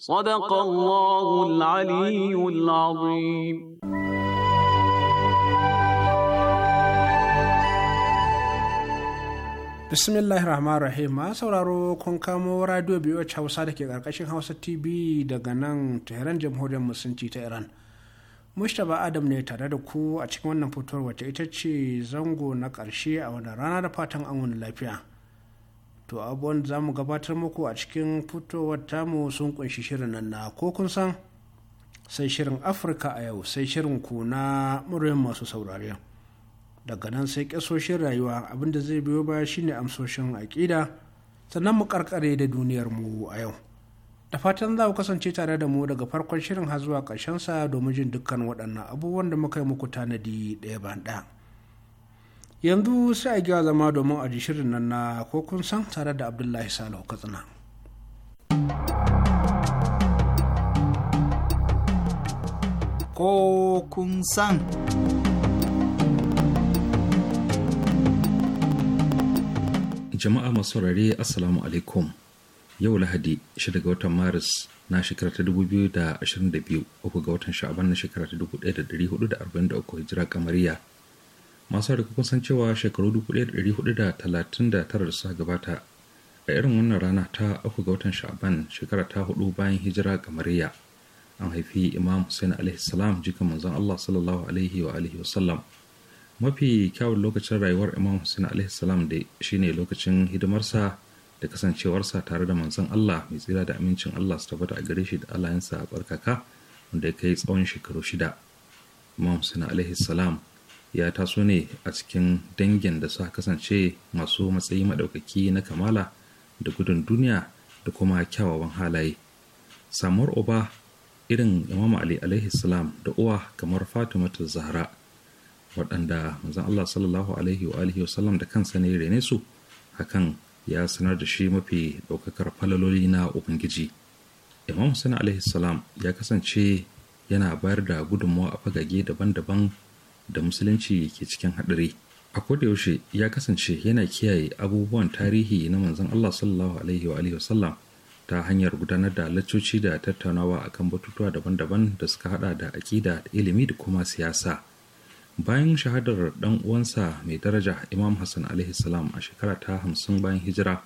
صدق الله العلي العظيم bismillahir rahmanir rahim ma sauraro kun kamo radio biyu hausa da ke karkashin hausa tv daga nan tehran jamhuriyar musulunci ta iran mustapha adam ne tare da ku a cikin wannan fitowar wacce ita ce zango na ƙarshe a wannan rana da fatan an wani lafiya to abubuwan da za mu gabatar muku a cikin fitowar tamu sun kunshi shirin nan na ko kun san sai shirin afirka a yau sai shirin ku na muryan masu saurare daga nan sai kyasoshin rayuwa abinda zai biyo baya shine amsoshin aƙida sannan mu karkare da duniyar mu a yau da fatan za ku kasance tare da mu daga farkon shirin har zuwa sa domin jin dukkan waɗannan abubuwan da muka yi muku tanadi ɗaya ban ɗaya yanzu sai a gyara zama domin a ji shirin nan na ko kun san tare da abdullahi salihu katsina ko kun san jama'a masu rare assalamu alaikum yau lahadi 6 ga watan maris na shekarar ta 2022 uku ga watan sha'aban na shekarar ta 1443 hijira kamariya masu da kun san cewa shekaru 1439 da suka gabata a irin wannan rana ta uku ga watan sha'aban shekara ta hudu bayan hijira ga mariya an haifi imam hussein alaihi salam jikan manzon allah sallallahu alaihi wa alihi wa sallam mafi kyawun lokacin rayuwar imam hussein alaihi salam da shine lokacin hidimarsa da kasancewarsa tare da manzon allah mai tsira da amincin allah su tabbata a gare shi da alayensa a barkaka wanda ya kai tsawon shekaru shida imam hussein alaihi salam ya taso ne a cikin dangin da suka kasance masu matsayi maɗaukaki na kamala da gudun duniya da kuma kyawawan halaye samuwar oba irin imam ali alaihi da uwa kamar fatimatu zahra waɗanda manzon allah sallallahu alaihi wa alihi wasallam da kansa ne rene su hakan ya sanar da shi mafi ɗaukakar falaloli na ubangiji imam hussein alaihi ya kasance yana bayar da gudunmawa a fagage daban-daban da musulunci ke cikin haɗari a kodayaushe ya kasance yana kiyaye abubuwan tarihi na manzon Allah sallallahu alaihi wa alihi wasallam ta hanyar gudanar da laccoci da tattaunawa akan batutuwa daban-daban da suka hada da aƙida da ilimi da kuma siyasa bayan shahadar dan uwansa mai daraja imam hassan alaihi a shekara ta hamsin bayan hijira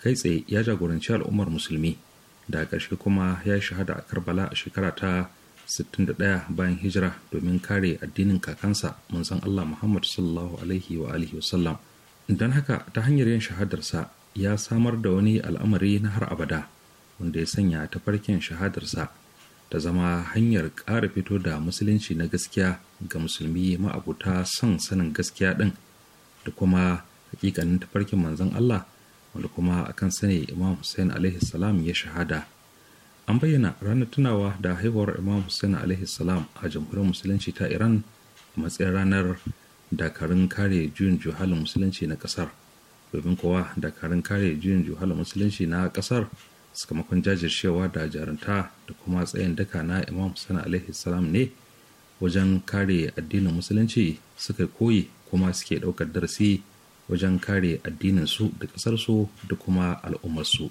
kai tsaye ya jagoranci al'ummar musulmi da ƙarshe kuma ya shahada a karbala a shekara ta 61 bayan hijira domin kare addinin kakansa manzon Allah Muhammad sallallahu alaihi wa alihi wasallam don haka ta hanyar yin shahadarsa ya samar da wani al'amari na har abada wanda ya sanya ta tafarkin shahadarsa ta zama hanyar ƙara fito da musulunci na gaskiya ga musulmi ma'abuta son sanin gaskiya ɗin da kuma hakikanin tafarkin manzon Allah wanda kuma akan sani Imam Hussein alaihi salam ya shahada an bayyana ranar tunawa da haihuwar imam hussein alaihi salam a jamhuriyar musulunci ta iran a matsayin ranar dakarun kare juyin juhalin musulunci na kasar domin kowa dakarun kare juyin juhalin musulunci na kasar sakamakon jajircewa da jarunta da kuma tsayin daka na imam hussein alaihi salam ne wajen kare addinin musulunci suka koyi kuma suke ɗaukar darasi wajen kare addinin su da kasar su da kuma al'ummarsu.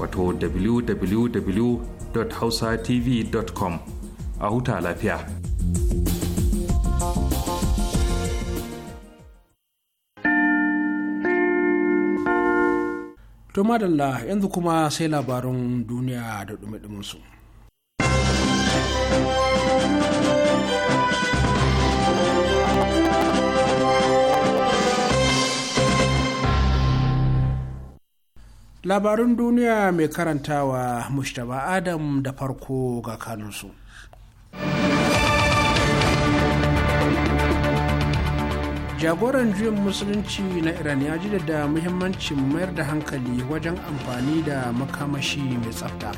wato www.hausatv.com a huta lafiya. To madalla yanzu kuma sai labarin duniya da dumi su. labarun duniya mai karantawa mustaba adam da farko ga kanunsu jagoran juyin musulunci na iran ya ji da muhimmancin mayar da hankali wajen amfani da makamashi mai tsafta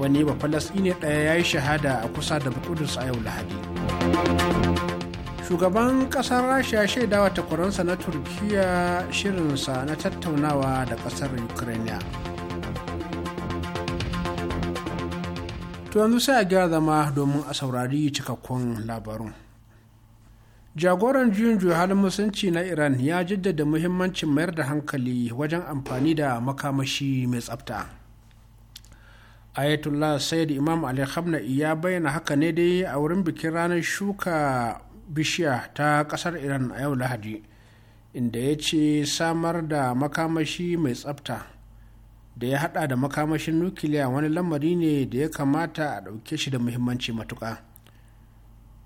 wani ba ne ɗaya ya yi shahada a kusa da kudus a yau lahadi shugaban kasar rasha ya shaidawa takwaransa na turkiya shirinsa na tattaunawa da kasar ukraine to yanzu sai a gyara zama domin a saurari cikakkun labarun jagoran juyin juya halin musulunci na iran ya jaddada muhimmancin mayar da hankali wajen amfani da makamashi mai tsafta. ayatollah sayyid imam ali khamna ya bayyana haka ne dai a wurin bikin ranar shuka bishiya ta kasar iran a yau lahadi inda ya ce samar da makamashi mai tsafta da ya hada da makamashin nukiliya wani lamari ne da ya kamata a ɗauke shi da muhimmanci matuƙa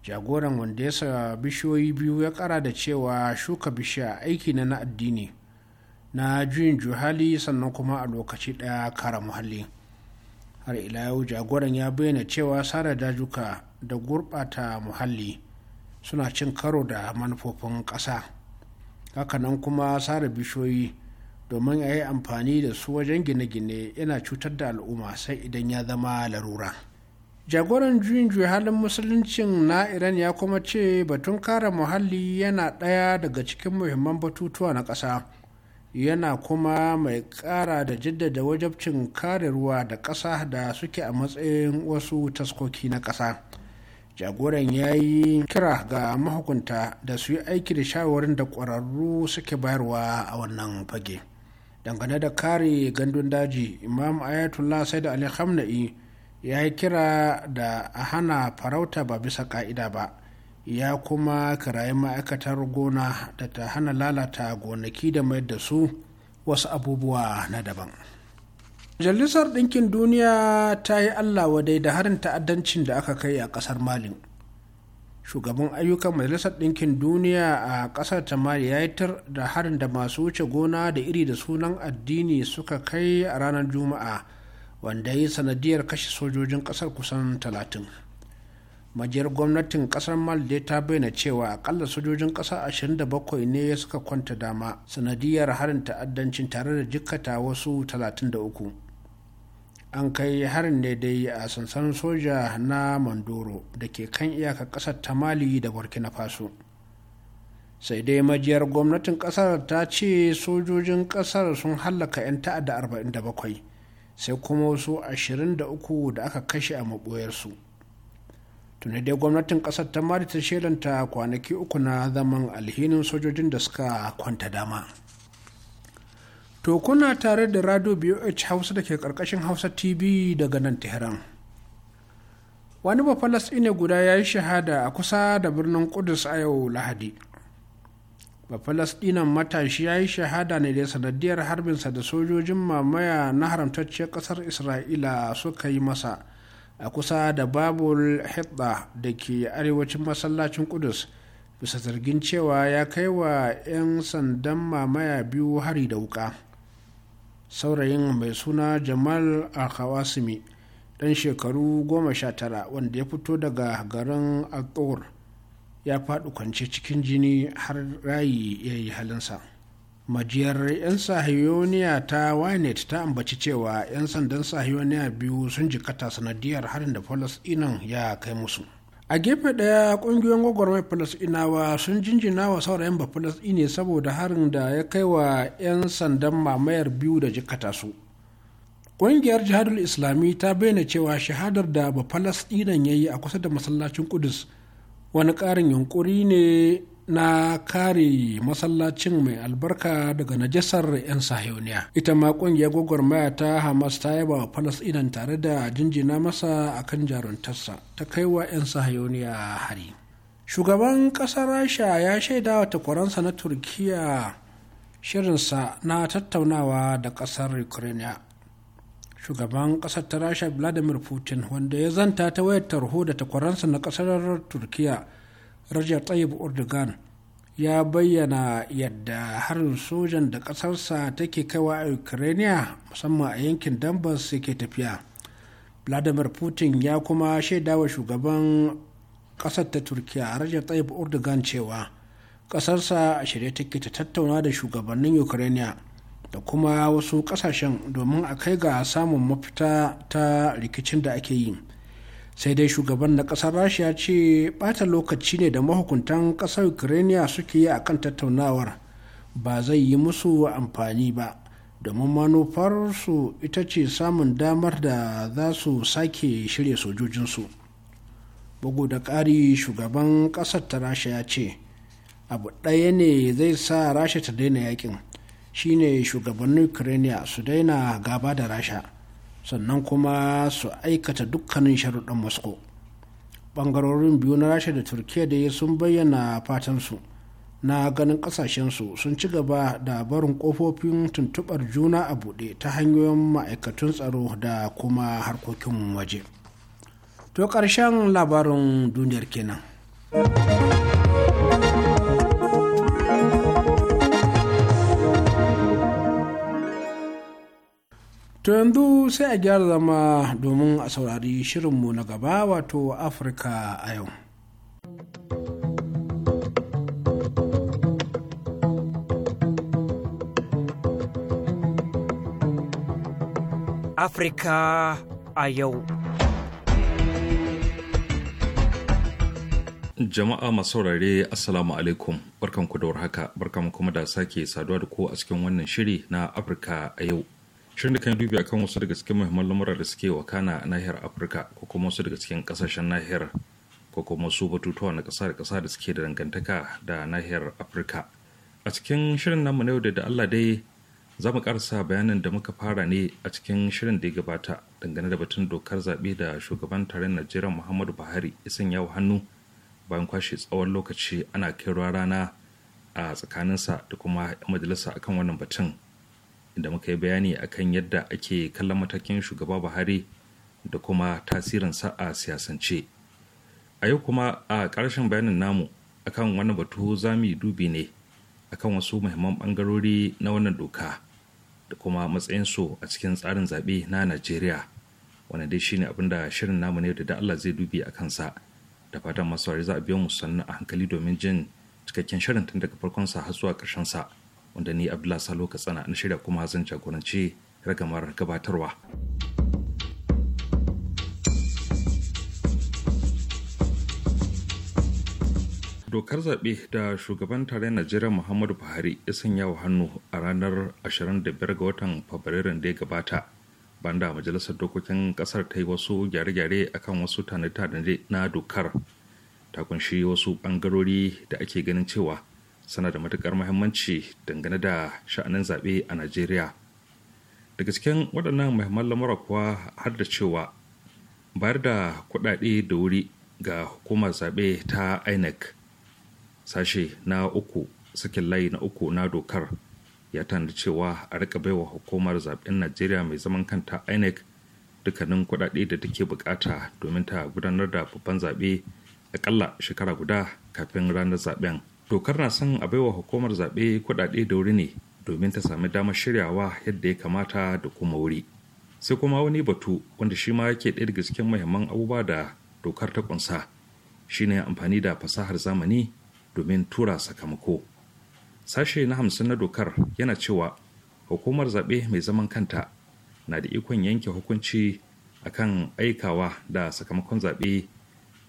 jagoran wanda ya sa bishiyoyi biyu ya ƙara da cewa shuka bishiya aiki na na addini na juyin juhali sannan kuma a lokaci ɗaya kara muhalli har ila yau jagoran ya bayyana cewa sare dajuka da gurɓata muhalli suna cin karo da manufofin ƙasa hakanan kuma sare bishiyoyi domin a yi amfani da su wajen gine-gine yana cutar da al'umma sai idan ya zama larura jagoran juyin juya halin musuluncin na iran ya kuma ce batun kare muhalli yana ɗaya daga cikin muhimman batutuwa na ƙasa yana kuma mai ƙara da jaddada wajabcin kare ruwa da ƙasa da suke a matsayin wasu taskoki na ƙasa jagoran ya yi kira ga mahukunta da su yi aiki da shawarin da ƙwararru suke bayarwa a wannan fage dangane da kare gandun daji imam ayatollah said ali khamenei ya yi kira da a hana farauta ba bisa ka'ida ba ya kuma kirayi ma'aikatar gona da ta hana lalata gonaki da mayar da su wasu abubuwa na daban. Majalisar Ɗinkin Duniya ta yi Allah wadai da harin ta'addancin da aka kai a ƙasar Malin. Shugaban ayyukan Majalisar Ɗinkin Duniya a ƙasar ta Mali ya yitar da harin da masu wuce gona da iri da sunan addini suka kai a ranar Juma'a wanda ya yi sanadiyar kashe sojojin ƙasar kusan talatin. majiyar gwamnatin ƙasar mali malde ta bayyana cewa akalla sojojin kasa 27 ne suka kwanta dama sanadiyar harin ta'addancin tare da jikkata wasu 33 an kai harin ne dai a sansanin soja na mandoro da ke kan iyakar kasar ta mali da burkina faso sai dai majiyar gwamnatin kasar ta ce sojojin kasar sun hallaka 'yan ta'adda 47 sai kuma wasu 23 da aka kashe a maɓoyarsu tuni dai gwamnatin kasar ta mali ta shelanta kwanaki uku na zaman alhinin sojojin da suka kwanta dama. To kuna tare da Radio BOH Hausa da ke ƙarƙashin Hausa TV daga nan Tehran. Wani Bafalasɗine guda ya yi shahada a kusa da birnin Kudus a yau Lahadi. Bafalasɗinan matashi ya yi shahada ne da sanadiyar harbinsa da sojojin mamaya na haramtacciyar ƙasar Isra'ila suka yi masa a kusa da Babul Hitta da ke arewacin masallacin Kudus. bisa zargin cewa ya kai wa 'yan sandan mamaya biyu hari da wuka. saurayin mai suna jamal alkhawasimi ɗan shekaru goma sha tara wanda ya fito daga garin alkawar ya faɗi kwance cikin jini har rayi ya yi halinsa majiyar 'yan sahiyoniya ta wynet ta ambaci cewa 'yan sandan sahiyoniya biyu sun jikata sanadiyar harin da Inon ya kai musu a gefe ɗaya ƙungiyoyin plus falasɗinawa sun jinjina wa saurayin ba ne saboda harin da ya kai wa 'yan sandan mamayar biyu da jikata su ƙungiyar jihadul islami ta bayyana cewa shahadar da ba falasɗinan ya yi a kusa da masallacin kudus wani ƙarin yunƙuri ne na kare masallacin mai albarka daga najasar 'yan sahiyoniya ita ma kungiyar maya ta hamas ta yaba wa falasɗinan tare da jinjina masa a kan jaruntarsa ta kai wa 'yan sahiyoniya hari shugaban ƙasar rasha ya shaida wa takwaransa na turkiya shirinsa na tattaunawa da ƙasar ukraine shugaban ƙasar ta rasha vladimir putin wanda ya zanta ta wayar tarho da takwaransa na ƙasar turkiya Raja Tayyip Erdogan ya bayyana yadda harin sojan da ƙasarsa take kaiwa a ukraine musamman a yankin Donbass suke tafiya. Vladimir Putin ya kuma shaidawa shugaban ƙasar ta Turkiya Rajab Tayyip Erdogan cewa ƙasarsa a shirye take ta tattauna da shugabannin ukraine da kuma wasu ƙasashen domin a kai ga samun mafita ta rikicin da ake yi. sai dai shugaban na kasar rasha ce bata lokaci ne da mahukuntan kasar ukraine suke yi kan tattaunawar ba zai yi musu amfani ba domin manufarsu ita ce samun damar da za su sake shirya sojojinsu bugu da ƙari shugaban ƙasar ta rasha ya ce abu ɗaya ne zai sa rasha ta daina yakin shine shugabannin ukraine su daina gaba da rasha sannan kuma su aikata dukkanin sharuɗan moscow ɓangarorin biyu na rasha da turkiya da sun bayyana fatansu na ganin ƙasashensu sun ci gaba da barin ƙofofin tuntuɓar juna a buɗe ta hanyoyin ma'aikatun tsaro da kuma harkokin waje to ƙarshen labarin duniyar kenan. To yanzu sai a gyara zama domin a saurari shirinmu na gaba wato Afirka a yau. Afirka a yau. Jama'a masaurare Assalamu alaikum barkanku da warhaka barkanku kuma da sake saduwa da ku a cikin wannan shiri na Afirka a yau. shirin da kan dubi akan wasu daga cikin muhimman lamura da suke wakana a nahiyar afirka ko kuma wasu daga cikin kasashen nahiyar ko kuma su batutuwa na kasa da kasa da suke da dangantaka da nahiyar afirka a cikin shirin namu na yau da allah dai za mu karasa bayanin da muka fara ne a cikin shirin da ya gabata dangane da batun dokar zaɓe da shugaban taron najeriya muhammadu buhari ya sanya hannu bayan kwashe tsawon lokaci ana kai rana a tsakaninsa da kuma majalisa akan wannan batun inda muka yi bayani akan yadda ake kallon matakin shugaba buhari da kuma tasirin sa a siyasance a yau kuma a ƙarshen bayanin namu akan wani batu za yi dubi ne akan wasu muhimman ɓangarori na wannan doka da kuma matsayinsu a cikin tsarin zaɓe na najeriya wanda dai shine abin da shirin namu ne da allah zai dubi a kansa da fatan masu za a biyo mu sannu a hankali domin jin cikakken shirin tun daga farkonsa har zuwa ƙarshensa. sa wanda ni abdullahi salo katsina na shirya kuma zan jagoranci ragamar gabatarwa dokar zaɓe da shugaban tare najeriya muhammadu buhari ya sanya wa hannu a ranar 25 ga watan fabrairun da ya gabata banda majalisar dokokin kasar ta yi wasu gyare-gyare akan wasu tanadi na dokar ta kunshi wasu ɓangarori da ake ganin cewa suna da matukar muhimmanci dangane da sha'anin zaɓe a najeriya daga cikin waɗannan muhimman lamura kuwa har da cewa bayar da kuɗaɗe da wuri ga hukumar zaɓe ta inec sashe na uku sakin layi na uku na dokar ya tanadi cewa a rika baiwa hukumar zaɓen najeriya mai zaman kanta inec dukkanin kuɗaɗe da take bukata domin ta gudanar da babban zaɓe akalla shekara guda kafin ranar zaɓen dokar na son a baiwa hukumar zaɓe kuɗaɗe da wuri ne domin ta sami damar shiryawa yadda ya kamata da kuma wuri sai kuma wani batu wanda shi ma yake ɗaya daga cikin muhimman abubuwa da dokar ta ƙunsa shine amfani da fasahar zamani domin tura sakamako sashe na hamsin na dokar yana cewa hukumar zaɓe mai zaman kanta na da ikon yanke hukunci akan aikawa da sakamakon zaɓe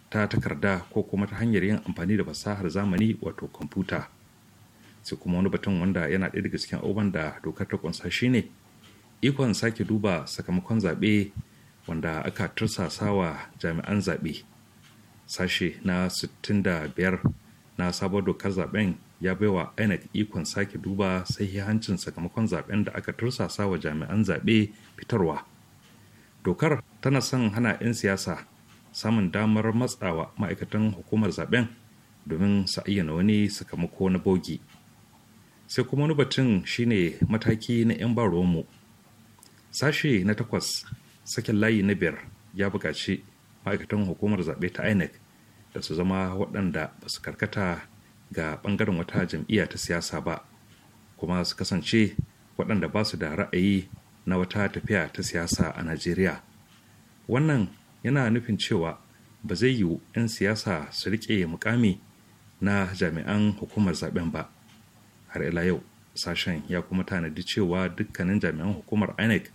ta takarda ko kuma ta hanyar yin amfani da fasahar zamani wato kwamfuta sai kuma wani batun wanda yana ɗaya daga cikin abubuwan da dokar ta kunsa ne ikon sake duba sakamakon zaɓe wanda aka tursasawa jami'an zaɓe sashe na 65 na sabon dokar zaɓen ya baiwa inec ikon sake duba hancin sakamakon zaɓen da aka tursasawa jami'an zaɓe fitarwa dokar tana son hana 'yan siyasa samun damar matsawa ma'aikatan hukumar zaben domin su ayyana wani sakamako na bogi sai kuma wani batun shine mataki na 'yan mu sashe na takwas sakin layi na biyar ya buƙaci ma'aikatan hukumar zaɓe ta inec da su zama waɗanda ba su karkata ga ɓangaren wata jam'iyya ta siyasa ba kuma su kasance waɗanda ba su da ra'ayi na wata tafiya ta siyasa a najeriya wannan yana nufin cewa ba zai yiwu 'yan siyasa su riƙe mukami na jami'an hukumar zaben ba har ila yau sashen ya kuma tanadi cewa dukkanin jami'an hukumar inec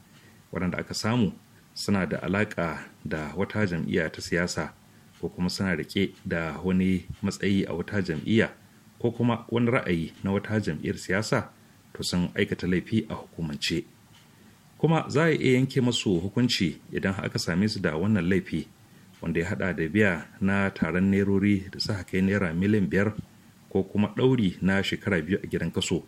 waɗanda aka samu suna da alaƙa da wata jam'iyya ta siyasa ko kuma suna riƙe da wani matsayi a wata jam'iyya ko kuma wani ra'ayi na wata jam'iyyar siyasa to sun aikata laifi a hukumance kuma za a iya yanke masu hukunci idan aka same su da wannan laifi wanda ya hada da biya na taron nerori da sa kai naira miliyan biyar ko kuma ɗauri na shekara biyu a gidan kaso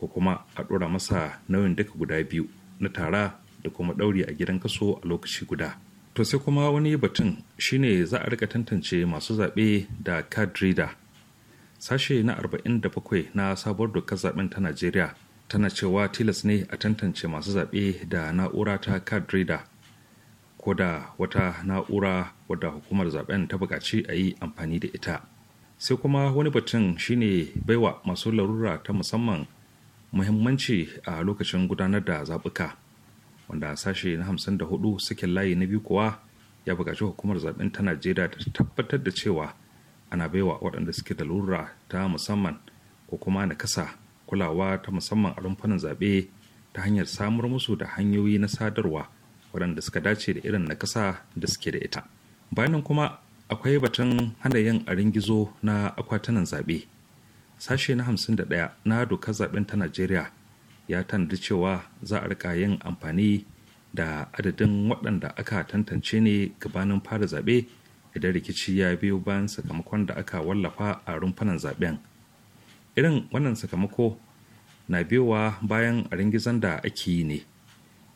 ko kuma a ɗora masa nauyin duka guda biyu na tara da kuma ɗauri a gidan kaso a lokaci guda to sai kuma wani batun shine za a rika tantance masu zaɓe da card reader sashe na 47 na sabuwar dokar zaɓen ta najeriya tana cewa tilas ne a tantance masu zaɓe da na'ura ta card reader ko da wata na'ura wadda hukumar zaɓen ta buƙaci a yi amfani da ita sai kuma wani batun shine baiwa masu larura ta musamman muhimmanci a lokacin gudanar da zaɓuka wanda sashe na hamsin da hudu suke layi na biyu kuwa ya buƙaci hukumar zaɓen ta najeriya da tabbatar da cewa ana baiwa waɗanda suke da larura ta musamman ko kuma na kasa kulawa ta musamman a rumfunan zaɓe ta hanyar samar musu da hanyoyi na sadarwa waɗanda suka dace da irin na ƙasa da suke da ita bayanan kuma akwai batun hana yin arin gizo na akwatunan zaɓe sashe na hamsin da ɗaya na dokar zaɓen ta najeriya ya tanadi cewa za a rika yin amfani da adadin waɗanda aka tantance ne gabanin fara zaɓe idan rikici ya biyo bayan sakamakon da aka wallafa a rumfunan zaɓen. irin wannan sakamako na biyowa bayan a ringizan da ake yi ne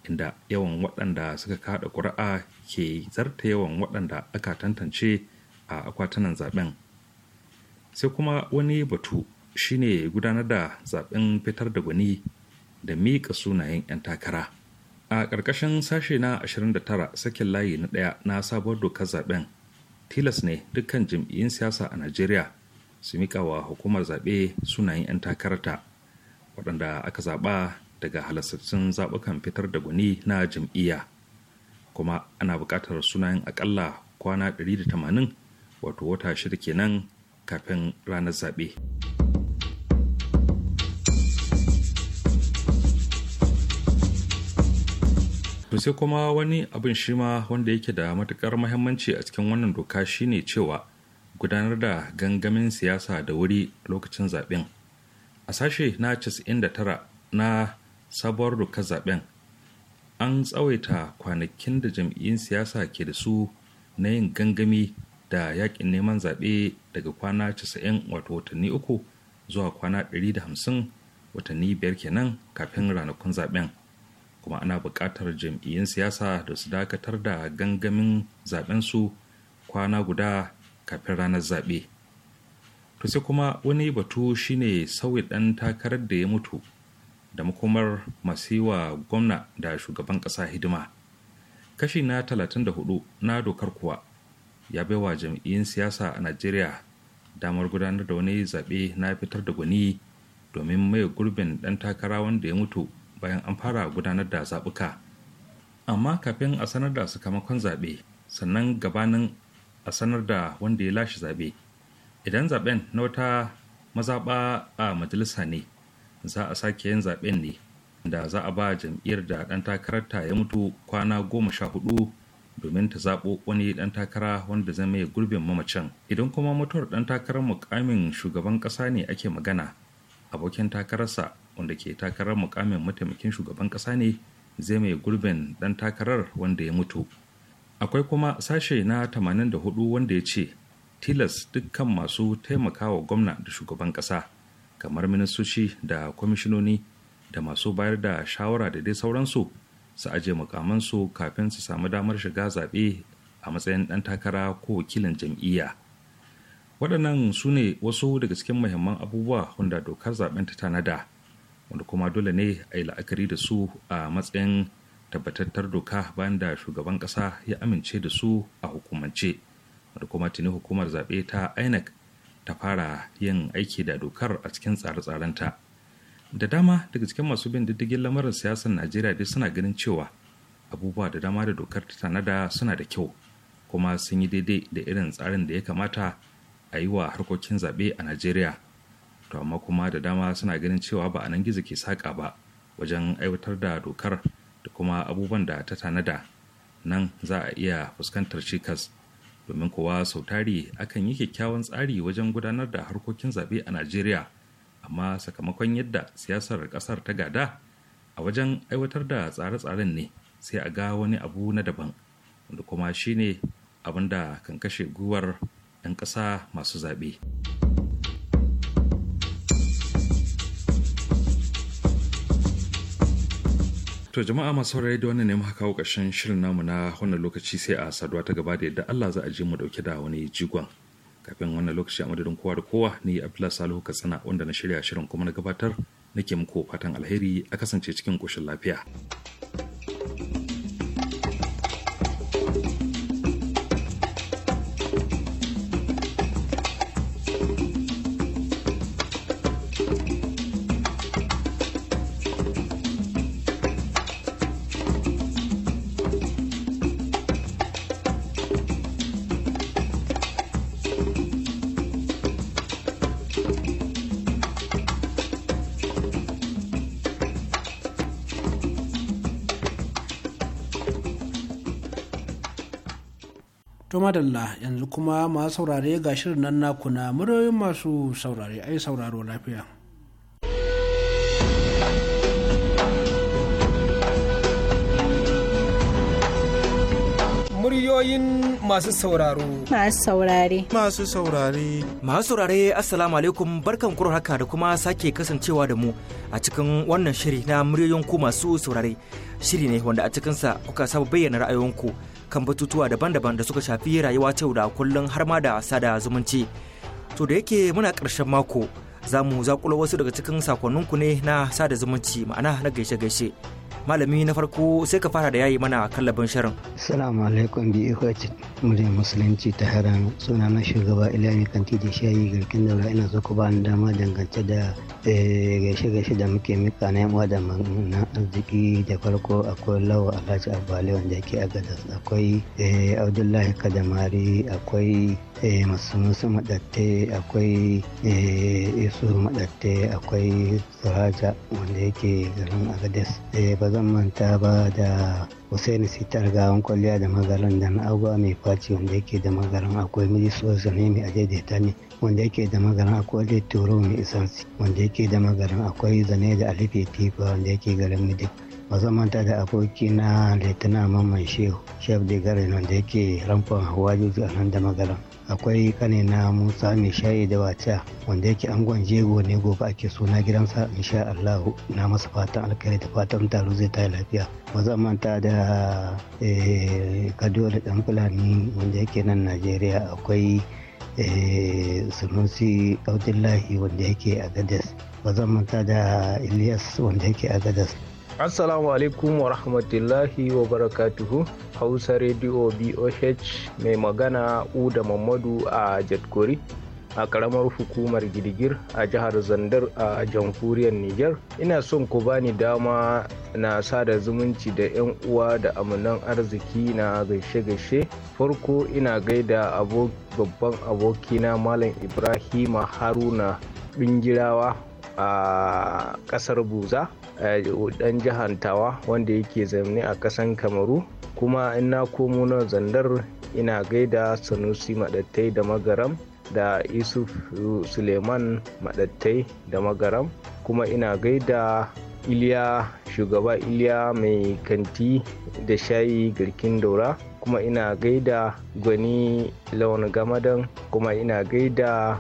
inda yawan waɗanda suka kaɗa ƙuri'a ke zarta yawan waɗanda aka tantance a akwatunan zaben sai kuma wani batu shine gudanar da zaben fitar da gwani da miƙa sunayen 'yan takara a ƙarƙashin sashe na 29 sakin layi na ɗaya na sabuwar dokar zaben tilas ne dukkan jam'iyyun siyasa a najeriya su mika wa hukumar zaɓe sunayen 'yan takarata waɗanda aka zaɓa daga halasassun zaɓukan fitar da gwani na jam'iyya kuma ana buƙatar sunayen aƙalla kwana 180 wato wata shida kenan kafin ranar zaɓe. sai kuma wani abin shima wanda yake da matuƙar mahimmanci a cikin wannan doka shine cewa gudanar da gangamin siyasa da wuri lokacin zaben a sashe na 99 na sabuwar zaɓen, zaben an tsawaita kwanakin da jam'iyyun siyasa ke da su na yin gangami da yakin neman zaɓe daga kwana 90 wato watanni uku zuwa kwana 150 watanni biyar kenan kafin ranakun zaben kuma ana buƙatar jam'iyyun siyasa da su dakatar da gangamin zaben su kwana guda kafin ranar zaɓe to sai kuma wani batu shine sauyi ɗan takarar da ya mutu da makomar masu yi gwamna da shugaban ƙasa hidima kashi na hudu na dokar kuwa ya bai wa jam'iyyun siyasa a najeriya damar gudanar da wani zaɓe na fitar da gwani domin mai gurbin ɗan takara wanda ya mutu bayan an fara gudanar da zaɓuka amma kafin a sanar da sakamakon zaɓe sannan gabanin a sanar da wanda ya lashe zaɓe idan zaɓen na wata mazaɓa a majalisa ne za a sake yin zaɓen ne da za a ba jam'iyyar da ɗan takararta ya mutu kwana goma sha hudu domin ta zaɓo wani ɗan takara wanda zai mai gurbin mamacin idan kuma mutuwar ɗan takarar mukamin shugaban ƙasa ne ake magana abokin takararsa wanda ke takarar mukamin mataimakin shugaban ƙasa ne zai mai gurbin ɗan takarar wanda ya mutu akwai kuma sashe na 84 wanda ya ce tilas dukkan masu taimakawa gwamna da shugaban kasa, kamar ministoci da kwamishinoni da masu bayar da shawara da dai sauransu su aje mukamansu kafin su samu damar shiga zaɓe a matsayin ɗan takara ko wakilin jam'iyya waɗannan su ne wasu daga cikin muhimman abubuwa wanda dokar zaɓen ta tanada wanda kuma dole ne a yi la'akari da su a matsayin tabbatattar doka bayan da shugaban ƙasa ya amince da su a hukumance wadda kuma tuni hukumar zaɓe ta inec ta fara yin aiki da dokar a cikin tsare-tsarenta da dama daga cikin masu bin diddigin lamarin siyasar najeriya dai suna ganin cewa abubuwa da dama da dokar ta tanada suna da kyau kuma sun yi daidai da irin tsarin da ya kamata a yi wa harkokin zaɓe a najeriya to amma kuma da dama suna ganin cewa ba a nan gizo ke saƙa ba wajen aiwatar da dokar kuma abubuwan da ta tanada nan za a iya fuskantar cikas domin kowa sau tari akan yi kyakkyawan tsari wajen gudanar da harkokin zaɓe a najeriya amma sakamakon yadda siyasar ƙasar ta gada a wajen aiwatar da tsare-tsaren ne sai a ga wani abu na daban wanda kuma shine abin da kan kashe guwar 'yan ƙasa masu zaɓe. To jama'a masu saurari da wannan ne muka kawo ƙarshen shirin namu na wannan lokaci sai a saduwa ta gaba da yadda Allah za a je mu dauke da wani jigon. Kafin wannan lokaci a madadin kowa da kowa ni Abdullahi Salihu Katsina wanda na shirya shirin kuma na gabatar nake muku fatan alheri a kasance cikin koshin lafiya. madalla yanzu kuma masu saurare ga shirin nan naku na muryoyin masu saurare ai sauraro lafiya. Muryoyin masu sauraro. Masu saurare. Masu saurare. Masu saurare Assalamu alaikum barkan kuro haka da kuma sake kasancewa da mu a cikin wannan shiri na muryoyin ku masu saurare. Shiri ne wanda a cikinsa kuka saba bayyana ra'ayoyinku kan batutuwa daban-daban da suka shafi rayuwa ta yau da kullum har ma da sada zumunci. To da yake muna ƙarshen mako za mu zakulo wasu daga cikin sakonninku ne na sada zumunci ma'ana na gaishe-gaishe. malami na farko sai ka fara da yayi mana kallabin shirin assalamu alaikum bi ikwaci muryar musulunci ta haram suna na shugaba ilani kanti da shayi garkin daura ina so ku ni dama dangance da eh, gaishe gaishe da muke mika na yamma da arziki da farko akwai lawa alhaji abbali wanda yake a gadas akwai eh, abdullahi kadamari akwai eh, masu musu madatte akwai isu madatte akwai suraja wanda yake garin agades ba zan manta ba da hussaini Sitar gawan kwalliya da magarin da na agwa mai faci wanda yake da magarin akwai Milisu Zane mai adaidaita ne wanda yake da magarin akwai da Toro mai isansi wanda yake da magarin akwai Zane da Alife Tifa wanda yake garin midi Ba zaman ta da aboki na Lieutenant Mamman Shehu Shef de Garin wanda yake ramfan hawa juju a nan da magarin akwai kane na musa mai shayi da wata wanda yake angon jego ne gobe ake suna gidansa insha allahu na masa fatan alkhairi da fatan taro zai tayi lafiya ba manta da eh, kaduwar dan fulani wanda yake nan najeriya akwai eh, sunusi abdullahi wanda yake a gadas ba manta da ilyas wanda yake a gadas Assalamu alaikum wa rahmatullahi wa barakatuhu. Hausa Radio BOH mai magana Uda Mamadu a Jadkori a karamar hukumar Gidigir a jihar Zandar a jamhuriyar Nijar. Ina son ku bani dama na sada zumunci da 'yan uwa da amunan arziki na gaishe-gaishe. Farko ina gaida babban abokina Malam Ibrahima Haruna Bingirawa a ƙasar Buza. Eh, dan jihar tawa wanda yake zaune a kasan kamaru kuma ina komo na zandar ina gaida sanusi madattai da magaram da isuf suleiman madattai da magaram kuma ina gaida iliya shugaba iliya mai kanti da shayi garkin daura kuma ina gaida gwani lawan gamadan kuma ina gaida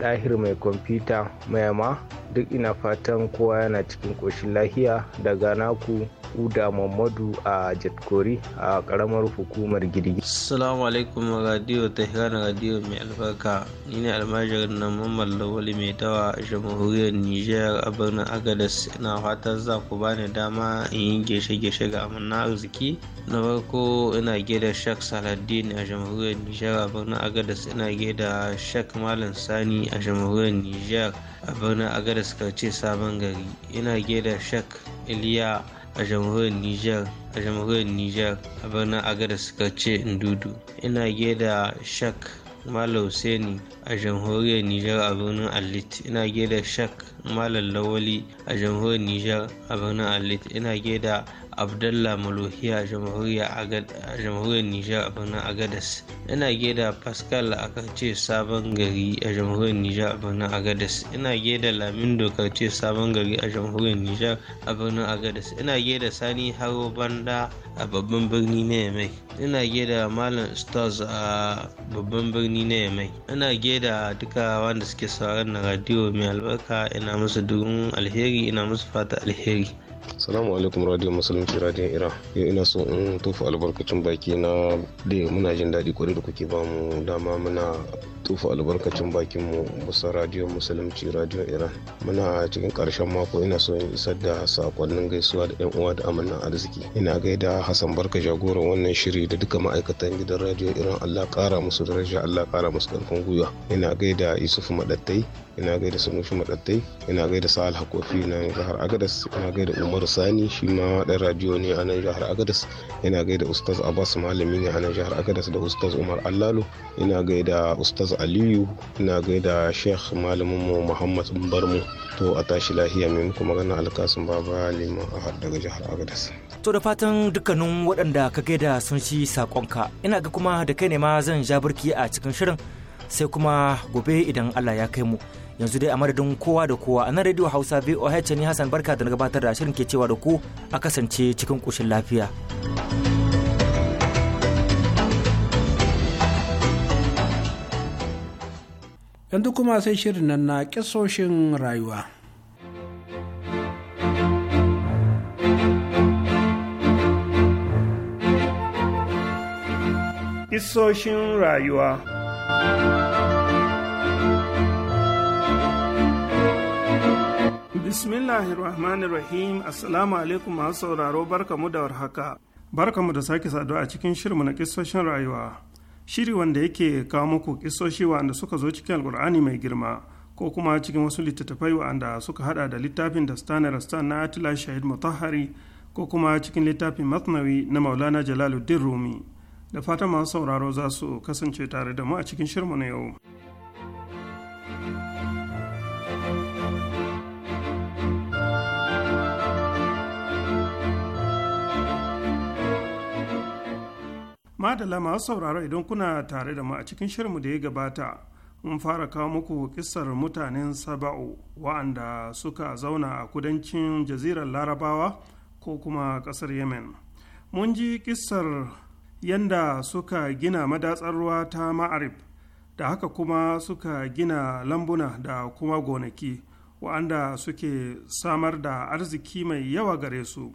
ɗahir eh, mai kwamfuta mayama duk ina fatan kowa yana cikin koshin lahiya daga naku uda mamadu a jatkori a karamar hukumar girgi assalamu alaikum radio tehran radio mai albarka ni ne almajirin na mamman lawali mai dawa a jamhuriyar nijar a birnin agadas ina fatan za ku bani dama in yi gaishe-gaishe ga na arziki na farko ina gida shak saladin a jamhuriyar nijar a birnin agadas ina gida shak malam sani a jamhuriyar nijar a birnin agadas karci sabon gari ina gida shak iliya a jamhuriyar Nijar a jamhuriyar Nijar a birnin Agada suka ce Ndudu. Ina gaida Shak Malam seni a jamhuriyar Nijar a birnin Alit. Ina gaida Shak Malam Lawali a jamhuriyar Nijar a birnin Alit. Ina gaida abdallah malohiya a jamhuriyar nijar a birnin agadas ina geda pascal akarce sabon gari a jamhuriyar nijar a birnin agadas ina geda lamin dokarce sabon gari a jamhuriyar nijar a birnin agadas ina geda sani haro banda a babban birni na yamai ina geda malam stars a babban birni na yamai ina geda duka wanda suke sauran na radio mai albarka ina musu durin alheri ina musu fata alheri Salamu alaikum radio musulunci radiyon Iran. Yau ina so in tofa albarkacin baki na da muna jin daɗi kwarai da kuke ba mu dama muna tofa albarkacin bakin mu musa radio musulunci radio Iran. Muna cikin ƙarshen mako ina so in isar da sakonnin gaisuwa da yan uwa da amanan arziki. Ina gaida Hassan Barka jagoran wannan shiri da duka ma'aikatan gidan radio Iran Allah ƙara musu daraja Allah ƙara musu ƙarfin gwiwa. Ina gaida Yusuf Madattai ina gaida sanushi madattai ina gaida sa'al hakofi na jihar agadas ina gaida umaru sani shi ma dan radio ne a nan jihar agadas ina gaida ustaz abbas malami ne a nan jihar agadas da ustaz umar allalo ina gaida ustaz aliyu ina gaida sheikh malamin mu muhammad barmu to a tashi lahiya mai muku magana alkasun baba a har daga jihar agadas to da fatan dukkanin waɗanda ka gaida sun shi saƙonka ina ga kuma da kai ne ma zan ja birki a cikin shirin sai kuma gobe idan allah ya kai mu yanzu dai a madadin kowa da kowa a nan radio hausa voh ne hassan barka da na gabatar da shirin ke cewa da ku a kasance cikin kushin lafiya yanzu kuma sai shirin nan na kisoshin rayuwa kisoshin rayuwa Bismillahirrahmanirrahim Assalamu alaikum masu sauraro barkamu da warhaka. Barkamu da sake saduwa a cikin shirinmu na kisoshin rayuwa. Shiri wanda yake kawo muku kisoshi wanda suka zo cikin Alkur'ani mai girma ko kuma cikin wasu littattafai wanda suka hada da littafin da stanar stan na Atila Shahid Mutahari ko kuma cikin littafin Matnawi na Maulana Jalaluddin Rumi. Da fatan masu sauraro za su kasance tare da mu a cikin shirmu na yau. madala masu sauraro idan kuna tare da mu a cikin shirinmu da ya gabata mun fara kawo muku kisar mutanen saba'u wa'anda suka zauna a kudancin jazirar larabawa ko kuma kasar yemen mun ji kisar yanda suka gina madatsar ruwa ta ma'arib da haka kuma suka gina lambuna da kuma gonaki wa'anda suke samar da arziki mai yawa gare su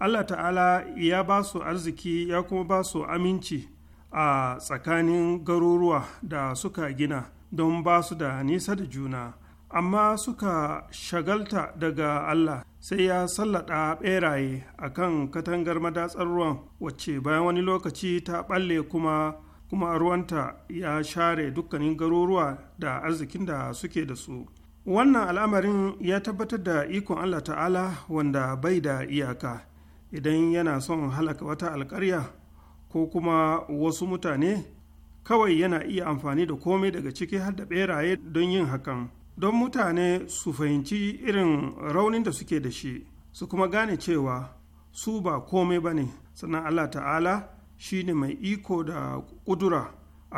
allah ta'ala ya ba su arziki ya kuma ba su aminci a tsakanin garuruwa da suka gina don ba su da nisa da juna amma suka shagalta daga allah sai ya sallada beraye a kan katangar madatsar ruwan wacce bayan wani lokaci ta balle kuma kuma ruwanta ya share dukkanin garuruwa da arzikin da suke da su wannan al'amarin ya tabbatar da ikon allah ta'ala wanda bai da iyaka idan yana son halaka wata alkarya ko kuma wasu mutane kawai yana iya amfani da komai daga ciki har da beraye don yin hakan don mutane su fahimci irin raunin da suke da shi su kuma gane cewa su ba komai ba ne sannan allah ta'ala shi ne mai iko da ƙudura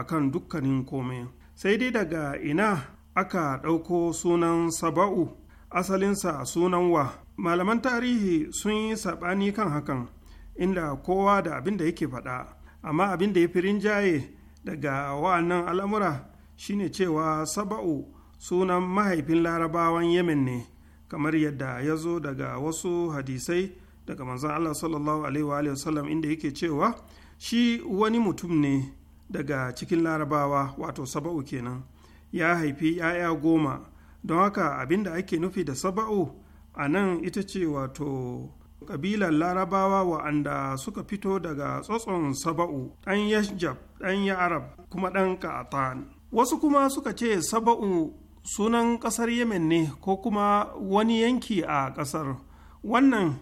kan dukkanin komai sai dai daga ina aka ɗauko sunan saba'u asalinsa sunan wa malaman tarihi sun yi saɓani kan hakan inda kowa da abin da yake faɗa amma abin da ya fi rinjaye daga wa'annan al'amura shine cewa saba'u sunan mahaifin larabawan yemen ne kamar yadda ya zo daga wasu hadisai daga manzon allah sallallahu alaihi wasallam inda yake cewa shi wani mutum ne daga cikin larabawa wato saba'u kenan ya haifi 'ya'ya goma don haka abin da ake nufi da saba'u a nan ita ce wato ƙabilar larabawa wa'anda suka fito daga tsotson saba'u ɗan yashjab ɗan arab kuma ɗan ka'atan wasu kuma suka ce saba'u sunan ƙasar yemen ne ko kuma wani yanki a ƙasar wannan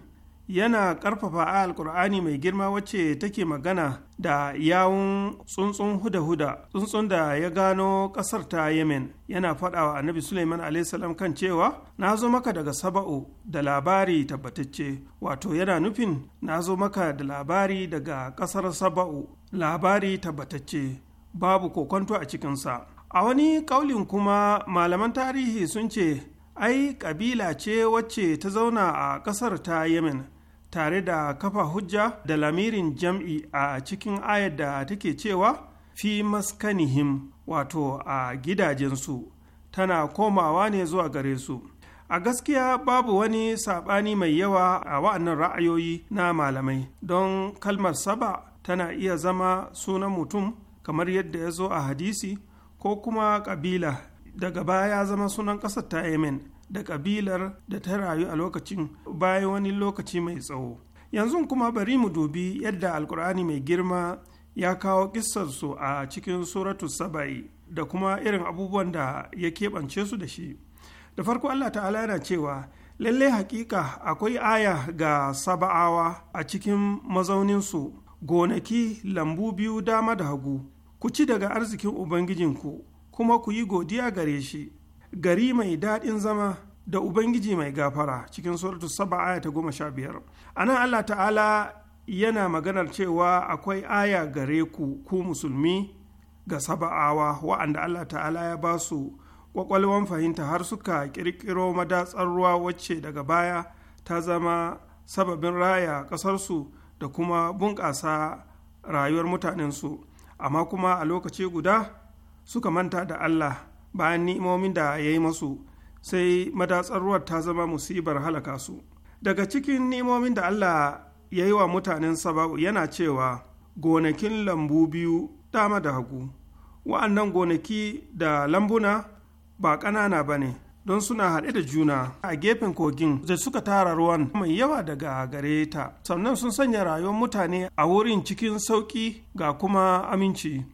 yana ƙarfafa Alƙur'ani mai girma wacce take magana da yawun tsuntsun huda-huda tsuntsun da ya gano ƙasar ta yemen yana faɗawa annabi suleiman salam kan cewa na zo maka daga saba'u da labari tabbatacce wato yana nufin na zo maka da labari daga ƙasar saba'u labari tabbatacce babu kokonto a cikinsa a wani ƙaulin kuma malaman tarihi sun ce ai kabila ce wacce ta zauna a ƙasar ta yemen tare da kafa hujja da lamirin jam'i a cikin ayar da take cewa fi maskanihim wato a gidajensu tana komawa ne zuwa gare su a gaskiya babu wani saɓani mai yawa a wa'annan ra'ayoyi na malamai don kalmar saba tana iya zama sunan mutum kamar yadda ya zo a hadisi ko kuma ƙabila daga baya ya zama sunan ƙasar ta yemen da kabilar da ta rayu a lokacin bayan wani lokaci mai tsawo yanzu kuma bari mu dubi yadda alkur'ani mai girma ya kawo su a cikin suratu saba'i da kuma irin abubuwan da ya keɓance su da shi da farko allah ta'ala yana cewa lalle hakika akwai aya ga saba'awa a cikin mazauninsu gonaki lambu biyu dama da hagu ku ci daga arzikin ubangijinku kuma ku yi godiya gare shi gari mai daɗin zama da ubangiji mai gafara cikin suratu saba aya ta goma sha biyar a nan allah ta'ala yana maganar cewa akwai aya gare ku ku musulmi ga saba'awa wa'anda allah ta'ala ya ba su kwakwalwan fahimta har suka kirkiro madatsar ruwa wacce daga baya ta zama sababin raya ƙasarsu da kuma bunƙasa rayuwar mutanensu amma kuma a lokaci guda suka manta da allah bayan ni'imomin da ya yi masu sai madatsar ta zama musibar halaka su daga cikin ni'imomin da allah ya yi wa mutanen saba'u yana cewa gonakin lambu biyu dama da hagu wa'annan gonaki da lambuna ba ƙanana ba ne don suna haɗe da juna a gefen kogin da suka tara ruwan mai yawa daga gare ta sannan sun sanya rayuwar mutane a wurin cikin sauƙi ga kuma aminci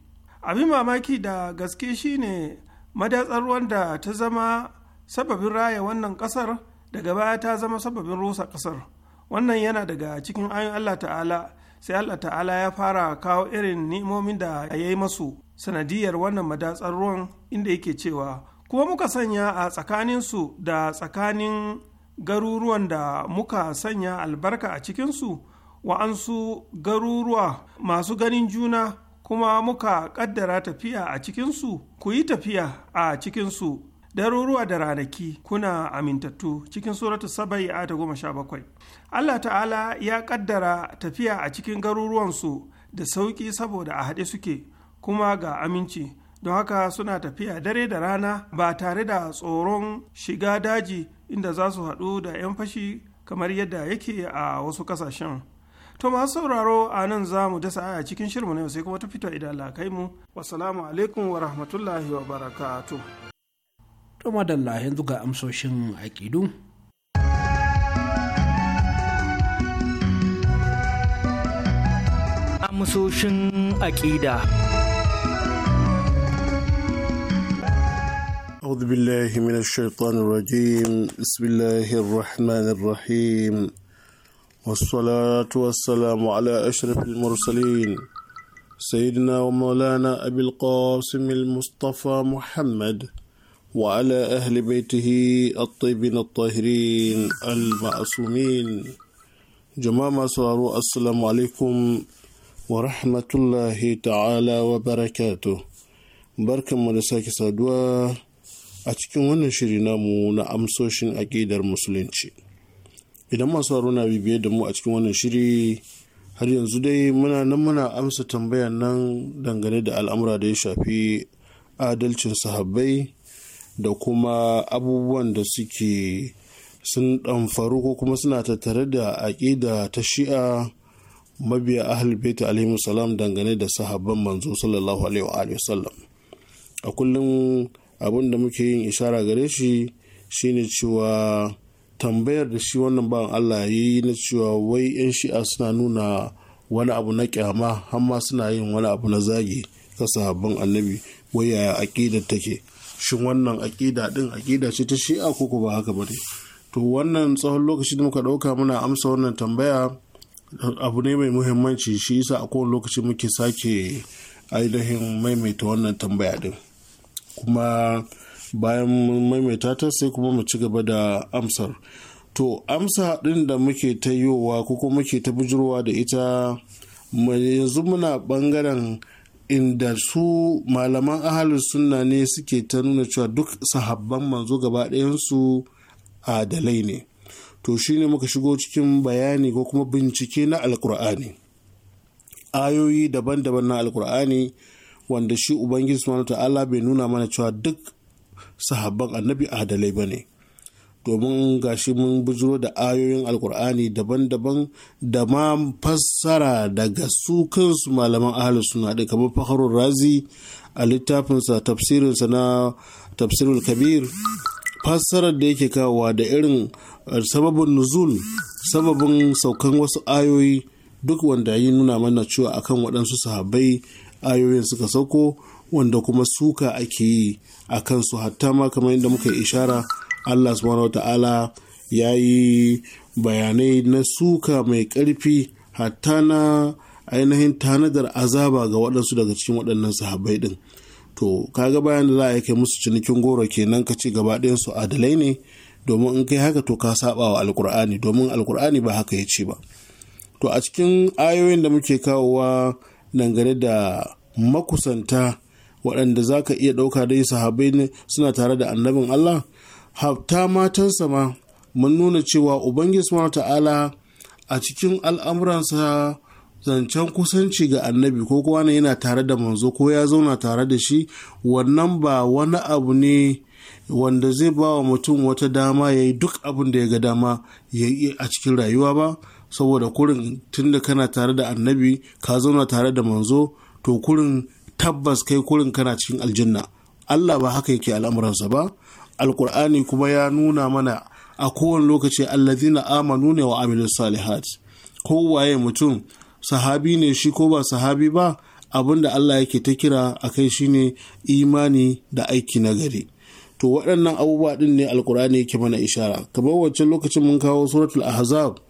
abin mamaki da gaske shine madatsar wanda ta zama sababin raya wannan kasar daga baya ta zama sababin rusa kasar wannan yana daga cikin ayon allah ta'ala sai allah ta'ala ya fara kawo irin ni'imomin da ya yi masu sanadiyar wannan madatsar ruwan inda yake cewa kuma muka sanya a tsakaninsu da tsakanin garuruwan da muka sanya albarka a cikinsu wa'ansu garuruwa masu ganin juna kuma muka ƙaddara tafiya a cikinsu ku yi tafiya a cikinsu daruruwa da ranaki kuna amintattu cikin suratu sabai a ta goma sha bakwai allah ta'ala ya ƙaddara tafiya a cikin garuruwansu da sauƙi saboda a haɗe suke kuma ga aminci don haka suna tafiya dare da rana ba tare da tsoron shiga daji inda za su haɗu da 'yan fashi kamar yadda yake a wasu ƙasashen. to masu sauraro a nan za mu dasa aya cikin shirinmu na yau sai kuma ta fito idan Allah kai mu wasalamu alaikum wa rahmatullahi wa barakatu. to madalla yanzu ga amsoshin aƙidu amsoshin aƙida أعوذ بالله من الشيطان الرجيم بسم الله الرحمن الرحيم والصلاة والسلام على أشرف المرسلين سيدنا ومولانا أبي القاسم المصطفى محمد وعلى أهل بيته الطيبين الطاهرين المعصومين جماعة سرارو السلام عليكم ورحمة الله تعالى وبركاته بركة مدساك سادوا أتكون ونشرنا من أمسوشن أكيد المسلمين idan masu aro na bibiye da mu a cikin wannan shiri har yanzu dai muna nan muna amsa tambaya nan dangane da al'amura da ya shafi adalcin sahabbai da kuma abubuwan da suke sun ɗamfaru ko kuma suna tattare da aƙida ta shi'a mabiya ahal baita alaihi salam dangane da sahabban manzo sallallahu alaihi wa sallam a kullum abin da muke yin ishara gare shi shine cewa tambayar da shi wannan bawan Allah ya yi na cewa wai 'yan shi'a suna nuna wani abu na kyama har ma suna yin wani abu na zagi ga sahabban annabi wai yaya aƙidar take shin wannan aƙida ɗin aƙida ce ta shi'a ko ba haka ba to wannan tsawon lokaci da muka ɗauka muna amsa wannan tambaya abu ne mai muhimmanci shi yasa a kowane lokaci muke sake ainihin maimaita wannan tambaya din kuma bayan maimaita ta sai kuma mu ci gaba da amsar to amsa ɗin da muke ta yowa ko kuma muke ta bujurwa da ita yanzu muna ɓangaren inda su malaman ahalin sunna ne suke ta nuna cewa duk sahabban manzo gaba a dalai ne to shine muka shigo cikin bayani ko kuma bincike na alkur'ani ayoyi daban-daban na alkur'ani wanda shi ubangiji subhanahu ta'ala bai nuna mana cewa duk sahabban annabi adalai ba ne domin gashi mun bujiro da ayoyin alkur'ani daban-daban da ma fassara daga su kansu malaman ahalus suna da kamar faharun razi a littafinsa tafsirinsa na tafsirul kabir fassarar da yake kawowa da irin eh, sababin nuzul sababin saukan wasu ayoyi duk wanda yi nuna mana cewa akan waɗansu sahabbai ayoyin suka sauko wanda kuma suka ake yi a kansu hatta ma kamar yadda muka ishara allah subhanahu ta'ala ya yi bayanai na suka mai ƙarfi hatta na ainihin tanadar azaba ga waɗansu daga cikin waɗannan sahabbai ɗin to kaga bayan da za a kai musu cinikin goro kenan ka ci gaba su adalai ne domin in kai haka to ka saba wa alkur'ani domin alkur'ani ba haka ya ce ba to a cikin ayoyin da muke kawowa dangane da makusanta waɗanda za ka iya ɗauka dai sahabai ne suna tare da annabin Allah hafta matansa ma mun nuna cewa ubangiji subhanahu ta'ala a cikin al'amuransa zancen kusanci ga annabi ko kowa ne yana tare da manzo ko ya zauna tare da shi wannan ba wani abu ne wanda zai ba wa mutum wata dama ya yi duk abin da ya ga dama ya yi a cikin rayuwa ba saboda kurin tunda kana tare da annabi ka zauna tare da manzo to kurin tabbas kai kurin kana cikin aljanna Allah ba haka yake al'amuransa ba alkur'ani kuma ya nuna mana a kowane lokaci allazina amanu ne wa amilu salihat waye mutum sahabi ne shi ko ba sahabi ba abin da Allah yake ta kira a kai shine imani da aiki na gari to waɗannan abubuwa ɗin ne alkur'ani yake mana ishara kamar wancan lokacin mun kawo suratul ahzab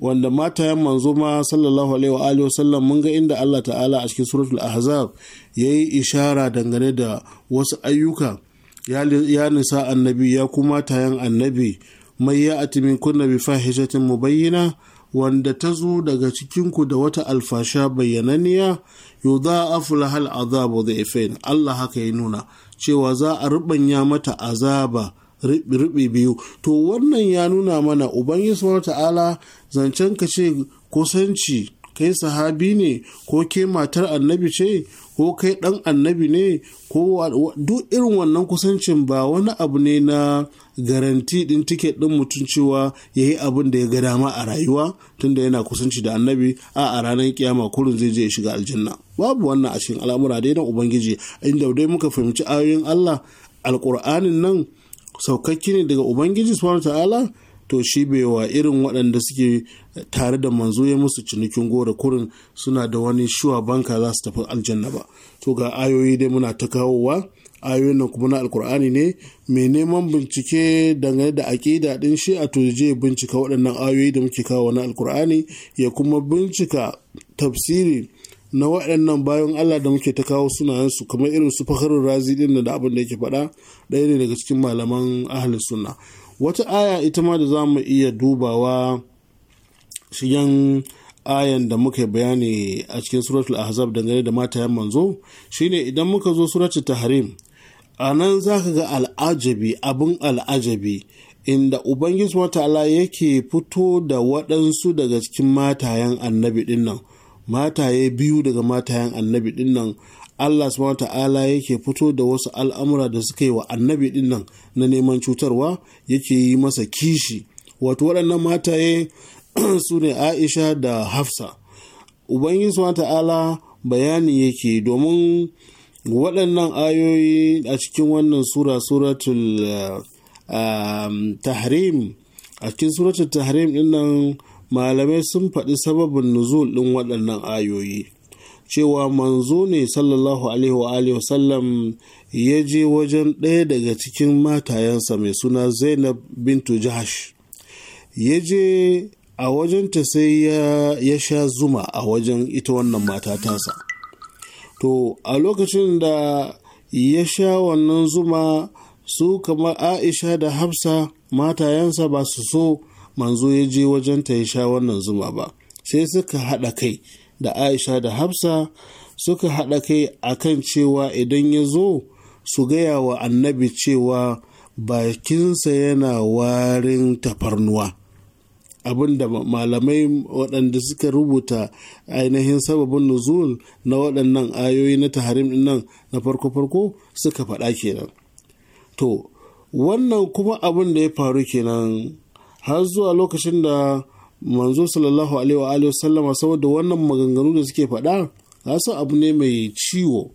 wanda matayen manzo ma sallallahu alaihi wa sallam mun ga inda Allah ta'ala a cikin suratul ahzab yayi ishara dangane da wasu ayyuka ya nisa annabi ya kuma tayan annabi mai ya atimin kunna bi fahishatin mubayyina wanda ta zo daga cikinku da wata alfasha bayyananniya yau za a hal azabu da Allah haka ya nuna cewa za a rubanya mata azaba riɓi biyu to wannan ya nuna mana ubangiji subhanahu ta'ala zancen ka ce kusanci kai sahabi ne ko ke matar annabi ce ko kai dan annabi ne ko duk irin wannan kusancin ba wani abu ne na garanti din tiket din mutum cewa ya yi abin da ya ga dama a rayuwa tunda yana kusanci da annabi a a ranar kiyama kurin zai je ya shiga aljanna babu wannan a cikin al'amura dai na ubangiji inda dai muka fahimci ayoyin allah alƙur'anin nan saukakki ne daga ubangiji subhanahu ta'ala to shi wa irin waɗanda suke tare da manzo ya musu cinikin gora kurin suna da wani shuwa banka za su tafi aljanna ba to ga ayoyi dai muna ta kawowa ayoyin nan kuma na alkur'ani ne mai neman bincike dangane da aƙida ɗin shi a je bincika waɗannan ayoyi da muke kawo na alkur'ani ya kuma bincika tafsiri na waɗannan bayan Allah da muke ta kawo sunayensu kamar irin su fakarun razi ɗin da abin da yake faɗa ɗaya ne daga cikin malaman ahalin sunna wata aya ita ma da za mu iya dubawa shigen ayan da muka bayani a cikin suratul ahzab dangane da matayen manzo shine idan muka zo suratul tahrim a nan za ka ga al'ajabi abin al'ajabi inda ubangiji ala yake fito da waɗansu daga cikin matayen annabi dinnan mataye biyu daga matayen annabi dinnan Allah subhanahu ta'ala yake fito da wasu al'amura da suka yi wa annabi din na neman cutarwa yake yi masa kishi wato waɗannan mataye su ne aisha da hafsa ubangiji subhanahu ta'ala bayani yake domin waɗannan ayoyi a cikin wannan sura suratul um, tahrim a cikin suratul tahrim din malamai sun faɗi sababin nuzul ɗin waɗannan ayoyi cewa manzo ne sallallahu alaihi wa sallam ya je wajen ɗaya daga cikin matayensa mai suna zainab bintu jahash ya je a wajenta sai ya sha zuma a wajen ita wannan mata to a lokacin da ya sha wannan zuma su kamar aisha da hafsa matayensa ba su so manzo ya je wajenta ya sha wannan zuma ba sai suka haɗa kai da aisha da hafsa suka haɗa kai a kan cewa idan ya zo su gaya wa annabi cewa bakinsa yana warin tafarnuwa abinda malamai waɗanda suka rubuta ainihin sababin nuzul na waɗannan ayoyi na taharim nan na farko-farko suka faɗa kenan to wannan kuma abin da ya faru kenan har zuwa lokacin da manzo sallallahu alaihi wa alihi sallama saboda wannan maganganu da suke faɗa san abu ne mai ciwo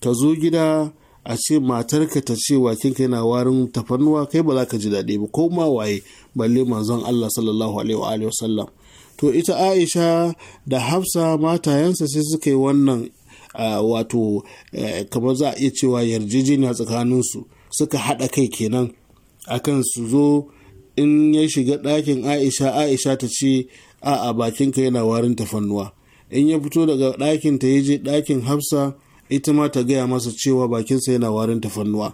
ka zo gida a ce matarka ta ce wakinka yana warin tafarnuwa kai ba za ka ji daɗi ba ko ma waye balle manzon Allah sallallahu alaihi wa alihi sallam to ita Aisha da Hafsa matayensa sai suka yi wannan wato e, kamar za a iya cewa yarjejeniya tsakaninsu suka haɗa kai kenan akan su zo in ya shiga ɗakin aisha aisha ta ce a'a bakinka yana warin tafannuwa in ya fito daga ɗakin ta je ɗakin hafsa ita ma ta gaya masa cewa bakinsa yana warin tafannuwa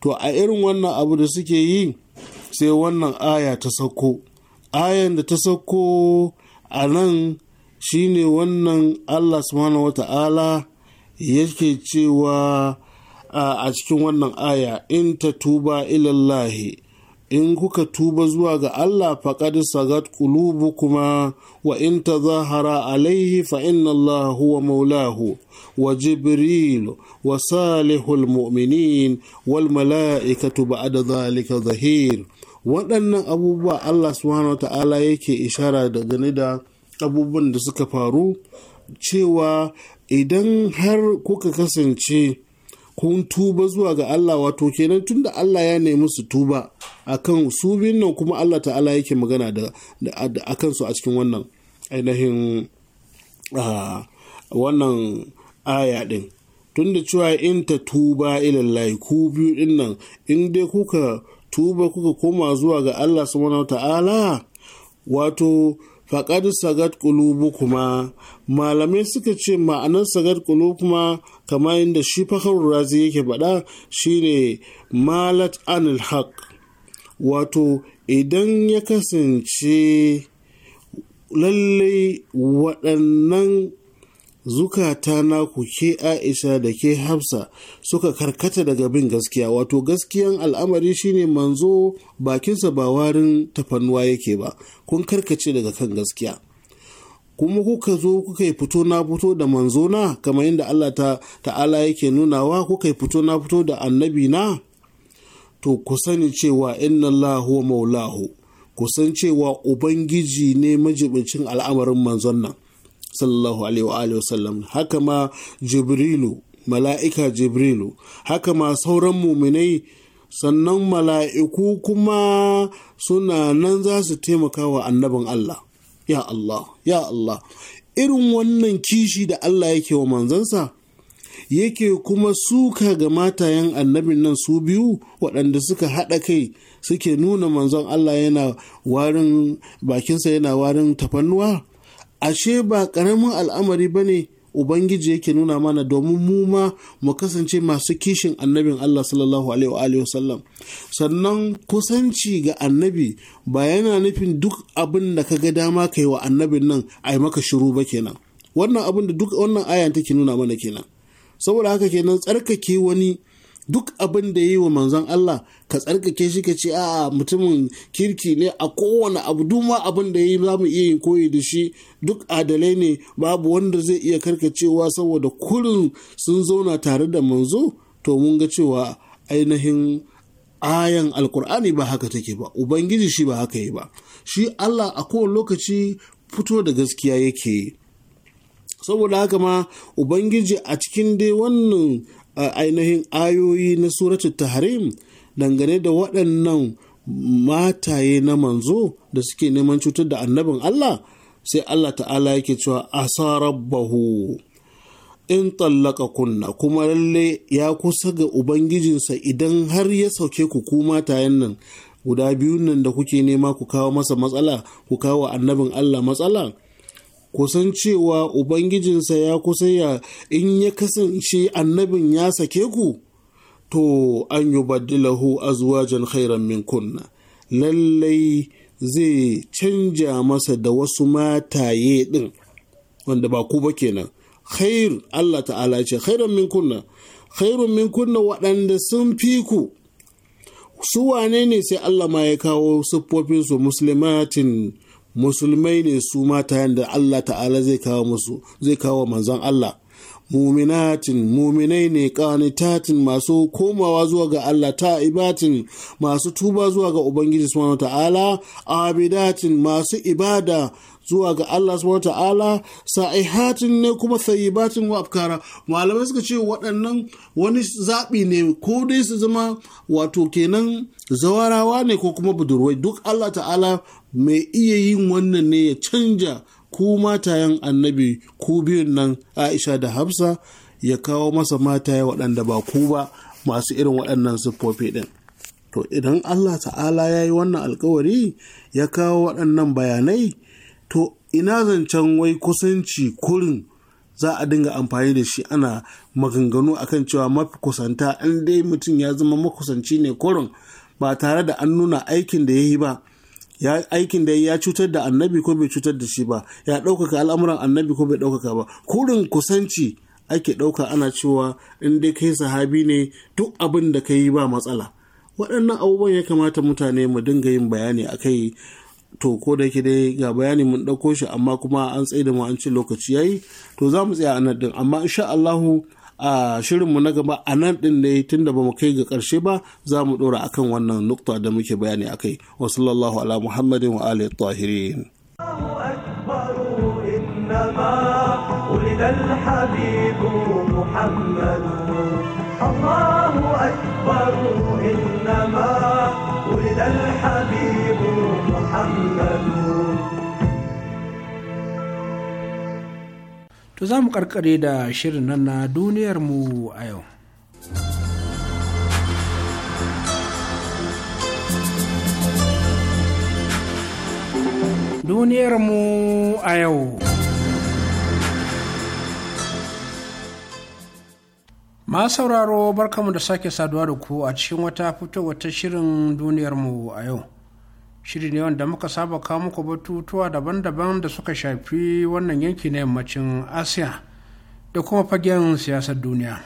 to a irin wannan abu da suke yi sai wannan aya ta sauko ayan da ta sauko a nan shine wannan allah subhanahu ta'ala yake cewa a cikin wannan aya in ta tuba ilallahi in kuka tuba zuwa ga Allah faƙad sagat kulubu kuma wa in zahara alaihi fa inna Allah huwa maulahu wa jibril wa salihul mu'minin wal mala'ikatu ba'da zalika zahir waɗannan abubuwa Allah subhanahu ta'ala yake ishara da gani da abubuwan da suka faru cewa idan har kuka kasance kun tuba zuwa ga Allah wato kenan tunda Allah ya nemi su tuba akan su biyun nan kuma Allah ta'ala yake magana da akan su a cikin wannan ainihin wannan aya din tunda cewa in ta tuba ilallahi ku biyu din nan in dai kuka tuba kuka koma zuwa ga Allah subhanahu ta'ala wato faƙad sagat kulubu kuma malamai suka ce ma'anar sagat kulubu kuma kamar yadda shi fahar razi yake faɗa shine malat anil haq wato idan ya kasance lallai waɗannan zukata naku ke aisha da ke hafsa suka karkata daga bin gaskiya wato gaskiyan al'amari shine manzo bakinsa ba warin tafannuwa yake ba kun karkace daga kan gaskiya kuma kuka zo kuka yi fito na fito da manzo na kamar yadda allah ta ta'ala yake nunawa kuka yi fito na fito da annabi na to ku sani cewa inna lahu maulahu ku san cewa ubangiji ne majibincin al'amarin manzon nan sallallahu alaihi wa sallam haka ma jibrilu mala'ika jibrilu haka ma sauran muminai sannan mala'iku kuma suna nan za su taimaka wa annabin Allah ya Allah ya Allah irin wannan kishi da Allah yake wa manzansa yake kuma suka ga matayen annabin nan su biyu waɗanda suka haɗa kai suke nuna manzon Allah yana warin bakinsa yana warin tafannuwa ashe ba ƙaramin al'amari ba ne Ubangiji yake nuna mana domin mu ma mu kasance masu kishin annabin Allah sallallahu Alaihi wasallam. Sannan kusanci ga annabi ba yana nufin duk abin da ka ga dama ka wa annabin nan a yi maka shiru ba kenan. Wannan abin da duk wannan ayan take nuna mana kenan. Saboda haka kenan tsarkake wani duk abin da yi wa manzon Allah ka tsarkake shi ka ce a'a mutumin kirki ne a kowane abu duma abin da yi za mu iya yin koyi da shi duk adalai ne babu wanda zai iya karkacewa saboda kurin sun zauna tare da manzo to mun ga cewa ainihin ayan alkur'ani ba haka take ba ubangiji shi ba haka yi ba shi Allah a kowane lokaci fito da gaskiya yake saboda haka ma ubangiji a cikin dai wannan a ainihin ayoyi na suratul tahrim dangane da waɗannan mataye na manzo da suke neman cutar da annabin Allah sai Allah ta'ala yake cewa asa bahu in tallaka kunna kuma lalle ya kusa ga ubangijinsa idan har ya sauke ku ku matayen nan guda biyun nan da kuke nema ku kawo masa matsala ku kawo annabin Allah matsala kusan cewa ubangijinsa ya kusa ya in ya kasance annabin ya sake ku to an yi badilahu azwajan khairan min kunna lallai zai canja masa da wasu mataye ɗin wanda ba ku ba kenan khair Allah ta'ala ce khairan min kunna khairun min kunna waɗanda sun fi ku su wane ne sai Allah ma ya kawo siffofinsu muslimatin musulmai ne su mata yadda Allah ta'ala zai kawo musu zai kawo manzon Allah muminatin muminai ne kanitatin masu komawa zuwa ga Allah ta'ibatin masu tuba zuwa ga Ubangiji subhanahu ta'ala abidatin masu ibada zuwa ga Allah subhanahu ta'ala sa'ihatin ne kuma sayibatin wa afkara malamai suka ce waɗannan wani zaɓi ne ko dai su zama wato kenan zawarawa ne ko kuma budurwai duk Allah ta'ala mai iya yin wannan ne ya canja ko matayen annabi ko biyun nan aisha da hafsa ya kawo masa mataye waɗanda ba ku ba masu irin waɗannan siffofi ɗin to idan allah ta'ala ya yi wannan alkawari ya kawo waɗannan bayanai to ina zancen wai kusanci kurin za a dinga amfani da shi ana maganganu akan cewa mafi kusanta in dai mutum ya zama makusanci ne kurin ba tare da an nuna aikin da ya yi ba ya aikin da ya cutar da annabi ko bai cutar da shi ba ya ɗaukaka al'amuran annabi ko bai ɗaukaka ba kurin kusanci ake ɗauka ana cewa in dai kai sahabi ne duk abin da ka yi ba matsala waɗannan abubuwan ya kamata mutane mu dinga yin bayani a kai to ko da ke dai ga bayani mun ɗauko shi amma kuma an tsaye da mu an ce lokaci ya yi to za mu tsaya a nan din amma insha Allahu a shirinmu na gaba a nan ɗin ne tun da ba mu kai ga ƙarshe ba za mu ɗora akan wannan nukta da muke bayani a kai. wa sallallahu ala muhammadin wa alihi tahirin Allahu to za mu karkare da shirin nan na duniyarmu a yau duniyarmu a yau ma sauraro barkamu da sake saduwa da ku a cikin wata fito wata shirin duniyarmu a yau shiri ne wanda muka saba kawo muku batutuwa daban-daban da suka shafi wannan yanki na yammacin asiya da kuma fagen siyasar duniya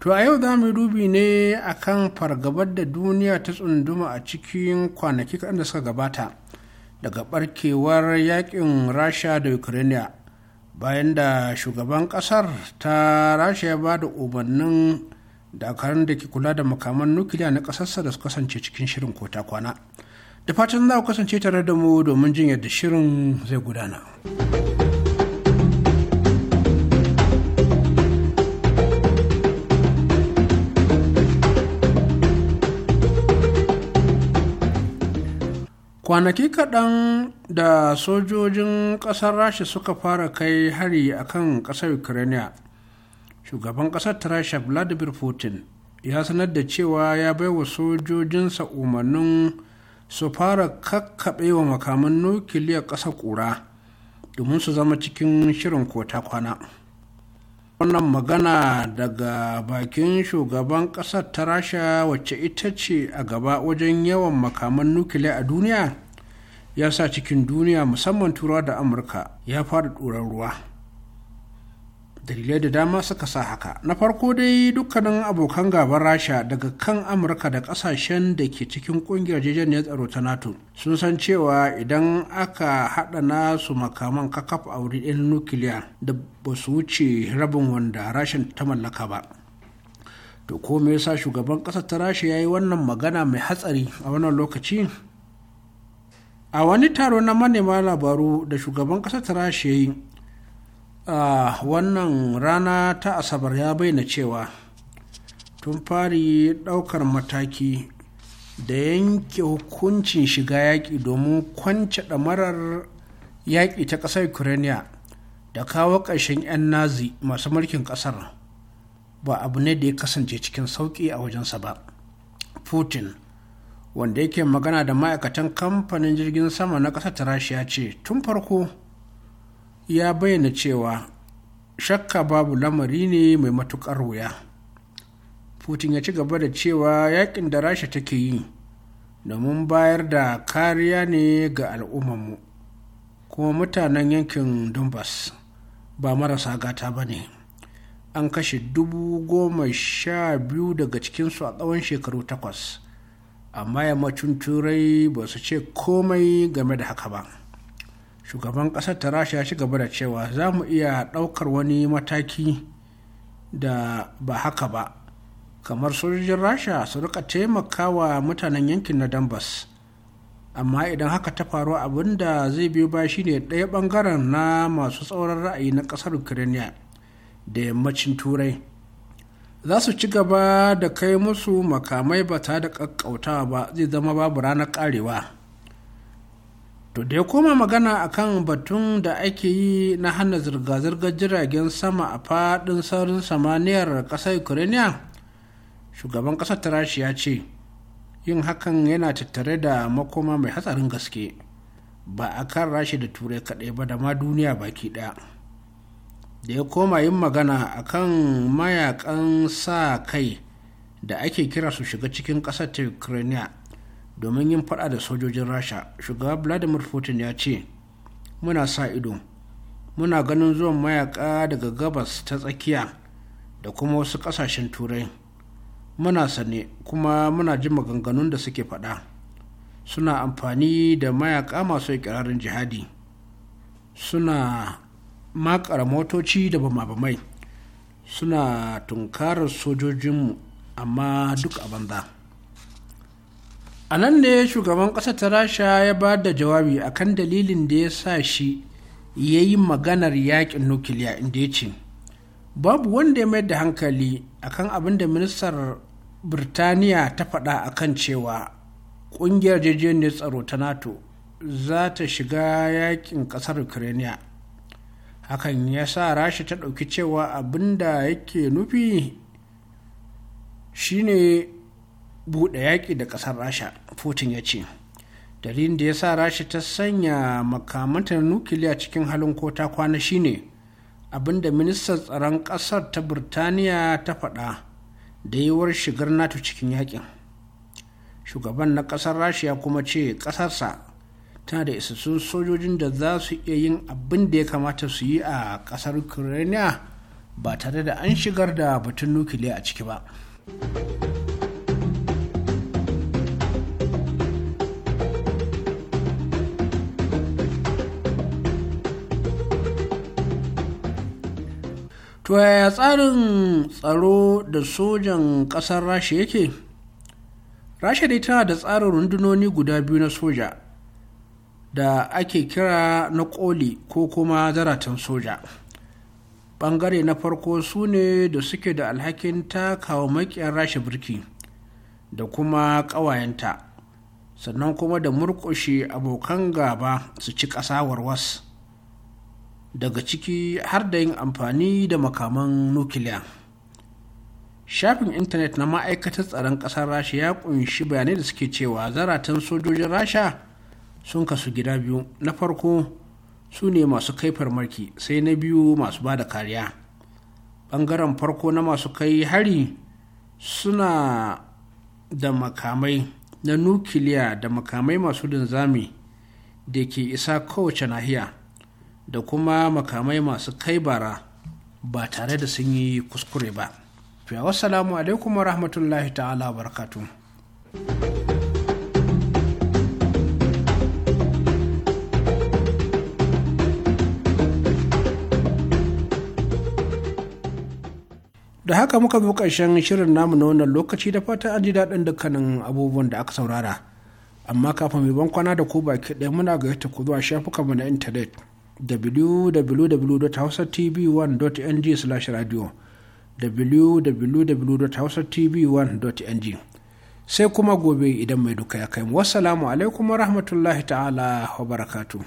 to a yau za mu dubi ne akan fargabar da duniya ta tsunduma a cikin kwanaki kaɗan da suka gabata daga barkewar yakin rasha da ukraine bayan da shugaban ƙasar ta rasha ya ba da umarnin dakarun da ke kula da makaman nukiliya na ƙasarsa da su kasance cikin shirin kota kwana. da fatan za ku kasance tare da mu domin jin yadda shirin zai gudana. kwanaki kaɗan da sojojin ƙasar rasha suka fara kai hari a kan ƙasar ukraine shugaban ƙasar rasha vladimir putin ya sanar da cewa ya baiwa sojojinsa umarnin su fara kakkaɓe wa makaman nukiliyar ƙasa ƙura domin su zama cikin shirin kota kwana wannan magana daga bakin shugaban ƙasar ta rasha wacce ita ce a gaba wajen yawan makaman nukiliya a duniya ya sa cikin duniya musamman turawa da amurka ya fara ɗoran ruwa dalilai da dama suka sa haka na farko dai dukkanin abokan gaban rasha daga kan amurka da kasashen da ke cikin kungiyar ya tsaro ta nato sun san cewa idan aka haɗa nasu makaman kakaf a wuri ɗin nukiliya da ba su wuce rabin wanda rashin ta mallaka ba to ko me yasa shugaban ƙasar ta rasha ya yi wannan magana mai hatsari a wannan lokaci a wani taro na manema labaru da shugaban ƙasar ta rasha ya yi a wannan rana ta asabar ya bayyana cewa tun fari ɗaukar mataki da yanke hukuncin shiga yaƙi domin kwance ɗamarar yaƙi ta ƙasar ukraine da kawo ƙarshen 'yan nazi masu mulkin ƙasar ba abu ne da ya kasance cikin sauƙi a wajensa ba putin wanda yake magana da ma'aikatan kamfanin jirgin sama na ƙasar ta rashiya ce tun farko ya bayyana cewa shakka babu lamari ne mai matukar wuya putin ya ci gaba da cewa yakin da rasha take yi domin bayar da kariya ne ga al'ummanmu kuma mutanen yankin donbass ba marasa gata ba ne an kashe dubu goma sha biyu daga cikinsu a tsawon shekaru takwas amma yammacin turai ba su ce komai game da haka ba shugaban ƙasar ta rasha ya ci gaba da cewa za mu iya ɗaukar wani mataki da ba haka ba kamar sojojin rasha su rika wa mutanen yankin na dambas amma idan haka ta faru abin da zai biyo ba ne ɗaya ɓangaren na masu tsauran ra'ayi na ƙasar ukraine da yammacin turai za su ci gaba da kai musu makamai ba ta da ƙaƙƙautawa ba zai zama babu ranar ƙarewa to da ya koma magana a kan batun da ake yi na hana zirga-zirgar jiragen sama a faɗin saurin samaniyar ƙasar ukraine shugaban ƙasar tarashi ya ce yin hakan yana tattare da makoma mai hatsarin gaske ba a kan rashi da turai kaɗai ba da ma duniya baki ɗaya da ya koma yin magana a kan mayakan sa kai da ake kira su shiga cikin ƙasar ta ukraine domin yin fada da sojojin rasha shugaba vladimir putin ya ce muna sa ido muna ganin zuwan mayaka daga gabas ta tsakiya da kuma wasu kasashen turai muna sane kuma muna ji maganganun da suke fada suna amfani da mayaka masu ikirarin jihadi suna makara motoci da bama-bamai suna tunkarar sojojinmu amma duk a banza. a nan ne shugaban ƙasar ta rasha ya ba da jawabi akan dalilin da ya sa shi ya yi maganar yakin nukiliya inda ya ce babu wanda ya mai da hankali a kan abin da ministar birtaniya ta faɗa kan cewa ƙungiyar jirgin tsaro ta nato za ta shiga yakin ƙasar ukraine hakan ya sa rasha ta ɗauki cewa abin da yake nufi shine buɗe yaƙi da ƙasar rasha putin ya ce dalilin da ya sa rasha ta sanya makamanta na nukiliya cikin halin kota kwana shine abinda ministan tsaron ƙasar ta birtaniya ta faɗa da yiwuwar shigar nato cikin yaƙin shugaban na ƙasar rasha kuma ce ƙasarsa tana da isassun sojojin da za su iya yin abin da ya kamata su yi a ƙasar ukraine ba tare da an shigar da batun nukiliya a ciki ba. to yaya tsarin tsaro da sojan ƙasar rasha yake rasha dai tana da tsarin rundunoni guda biyu na soja da ake kira na koli ko kuma zaratan soja ɓangare na farko su ne da suke da alhakin takawa makiyar rasha birki da kuma ƙawayenta sannan kuma da murƙushe abokan gaba su ci ƙasa warwas daga ciki har da yin amfani da makaman nukiliya shafin intanet na ma'aikatar tsaron ƙasar rasha ya ƙunshi bayanai da suke cewa zaratan sojojin rasha sun kasu gida biyu na farko su ne masu kai farmaki sai na biyu masu ba da kariya Bangaren farko na masu kai hari suna da makamai na nukiliya da makamai masu linzami da ke isa kowace nahiya da kuma makamai masu kai bara ba tare da sun yi kuskure ba. Fiya Salamu alaikum wa rahmatullahi ta'ala barakatu. Da haka muka zo ƙarshen shirin namu na wannan lokaci da fata an ji daɗin dukkanin abubuwan da aka saurara. Amma kafin mai ban kwana da ku baki ɗaya muna gayyata ku zuwa shafukanmu na intanet. www.hausatv1.ng/radio www.hausatv1.ng sai kuma gobe idan mai duka ya kai mu wassalamu alaikum wa rahmatullahi ta'ala wa barakatu